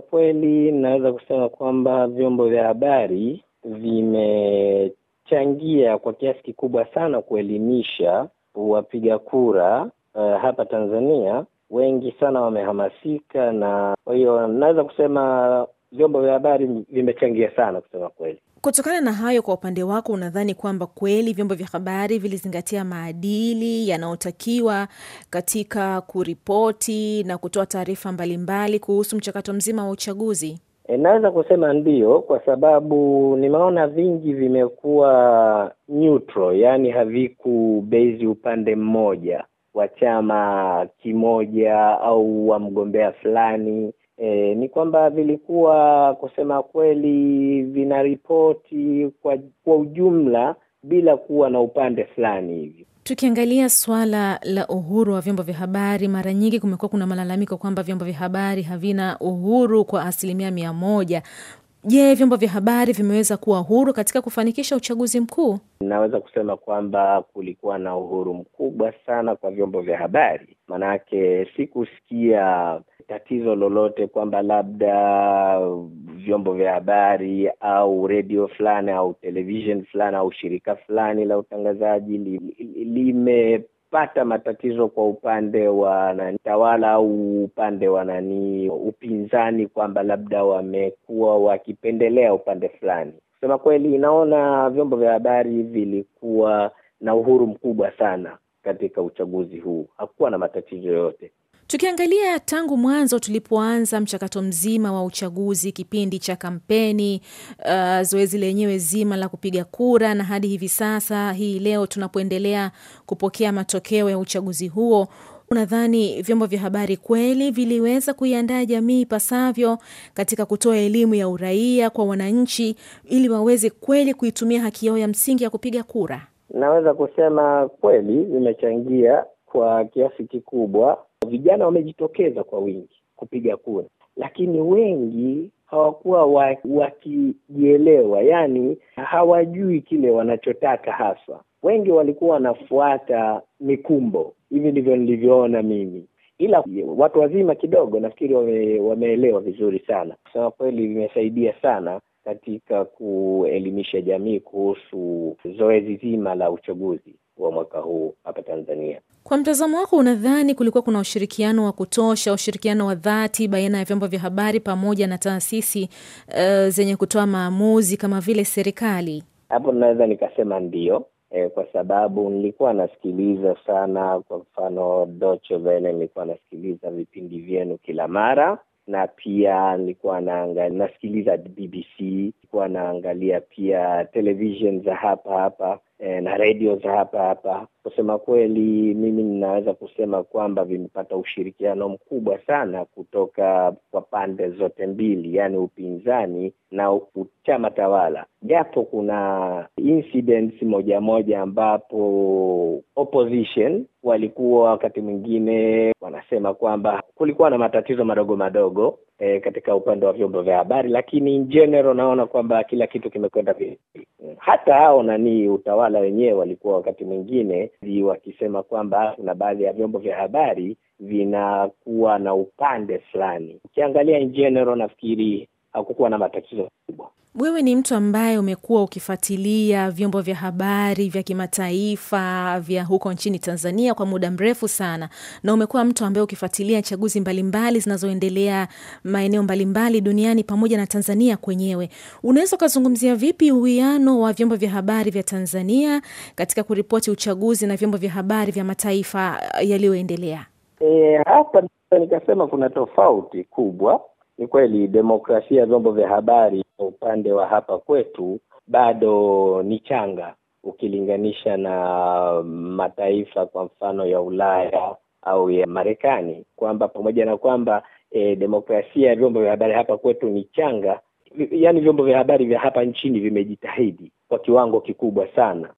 Kwa kweli naweza kusema kwamba vyombo vya habari vimechangia kwa kiasi kikubwa sana kuelimisha wapiga kura uh, hapa Tanzania. Wengi sana wamehamasika, na kwa hiyo naweza kusema vyombo vya habari vimechangia sana kusema kweli. Kutokana na hayo, kwa upande wako, unadhani kwamba kweli vyombo vya habari vilizingatia maadili yanayotakiwa katika kuripoti na kutoa taarifa mbalimbali kuhusu mchakato mzima wa uchaguzi? E, naweza kusema ndio kwa sababu nimeona vingi vimekuwa neutral, yaani havikubezi upande mmoja wa chama kimoja au wa mgombea fulani. E, ni kwamba vilikuwa kusema kweli vinaripoti kwa, kwa ujumla bila kuwa na upande fulani hivi. Tukiangalia swala la uhuru wa vyombo vya habari, mara nyingi kumekuwa kuna malalamiko kwamba vyombo vya habari havina uhuru kwa asilimia mia moja. Je, vyombo vya habari vimeweza kuwa huru katika kufanikisha uchaguzi mkuu? Naweza kusema kwamba kulikuwa na uhuru mkubwa sana kwa vyombo vya habari, maanake sikusikia tatizo lolote kwamba labda vyombo vya habari au redio fulani au televishen fulani au shirika fulani la utangazaji limepata li, li matatizo kwa upande wa nani tawala au upande wa nani upinzani kwamba labda wamekuwa wakipendelea upande fulani kusema kweli inaona vyombo vya habari vilikuwa na uhuru mkubwa sana katika uchaguzi huu hakuwa na matatizo yoyote Tukiangalia tangu mwanzo tulipoanza mchakato mzima wa uchaguzi, kipindi cha kampeni, uh, zoezi lenyewe zima la kupiga kura na hadi hivi sasa hii leo tunapoendelea kupokea matokeo ya uchaguzi huo, unadhani vyombo vya habari kweli viliweza kuiandaa jamii ipasavyo katika kutoa elimu ya uraia kwa wananchi ili waweze kweli kuitumia haki yao ya msingi ya kupiga kura? Naweza kusema kweli vimechangia kwa kiasi kikubwa vijana wamejitokeza kwa wingi kupiga kura, lakini wengi hawakuwa wakijielewa, yani hawajui kile wanachotaka hasa. Wengi walikuwa wanafuata mikumbo, hivi ndivyo nilivyoona mimi, ila watu wazima kidogo nafikiri wame, wameelewa vizuri sana. Kusema kweli, vimesaidia sana katika kuelimisha jamii kuhusu zoezi zima la uchaguzi wa mwaka huu hapa Tanzania. Kwa mtazamo wako, unadhani kulikuwa kuna ushirikiano wa kutosha, ushirikiano wa dhati baina ya vyombo vya habari pamoja na taasisi uh, zenye kutoa maamuzi kama vile serikali? Hapo naweza nikasema ndio E, kwa sababu nilikuwa nasikiliza sana, kwa mfano Deutsche nilikuwa nasikiliza vipindi vyenu kila mara na pia nilikuwa nasikiliza BBC nilikuwa naangalia pia television za hapa hapa e, na redio za hapa hapa. Kusema kweli, mimi ninaweza kusema kwamba vimepata ushirikiano mkubwa sana kutoka kwa pande zote mbili, yaani upinzani na chama tawala, japo kuna incidents moja moja ambapo opposition walikuwa wakati mwingine wanasema kwamba kulikuwa na matatizo madogo madogo eh, katika upande wa vyombo vya habari, lakini in general naona kwamba kila kitu kimekwenda vizuri. Hata hao nani utawala wenyewe walikuwa wakati mwingine wakisema kwamba kuna baadhi ya vyombo vya habari vinakuwa na upande fulani. Ukiangalia in general, nafikiri hakukuwa na matatizo makubwa. Wewe ni mtu ambaye umekuwa ukifuatilia vyombo vya habari vya kimataifa vya huko nchini Tanzania kwa muda mrefu sana, na umekuwa mtu ambaye ukifuatilia chaguzi mbalimbali zinazoendelea maeneo mbalimbali duniani pamoja na Tanzania kwenyewe. Unaweza ukazungumzia vipi uwiano wa vyombo vya habari vya Tanzania katika kuripoti uchaguzi na vyombo vya habari vya mataifa uh, yaliyoendelea? E, hapa nikasema kuna tofauti kubwa. Ni kweli demokrasia ya vyombo vya habari upande wa hapa kwetu bado ni changa ukilinganisha na mataifa kwa mfano ya Ulaya au ya Marekani, kwamba pamoja na kwamba e, demokrasia ya vyombo vya habari hapa kwetu ni changa, yaani vyombo vya habari vya hapa nchini vimejitahidi kwa kiwango kikubwa sana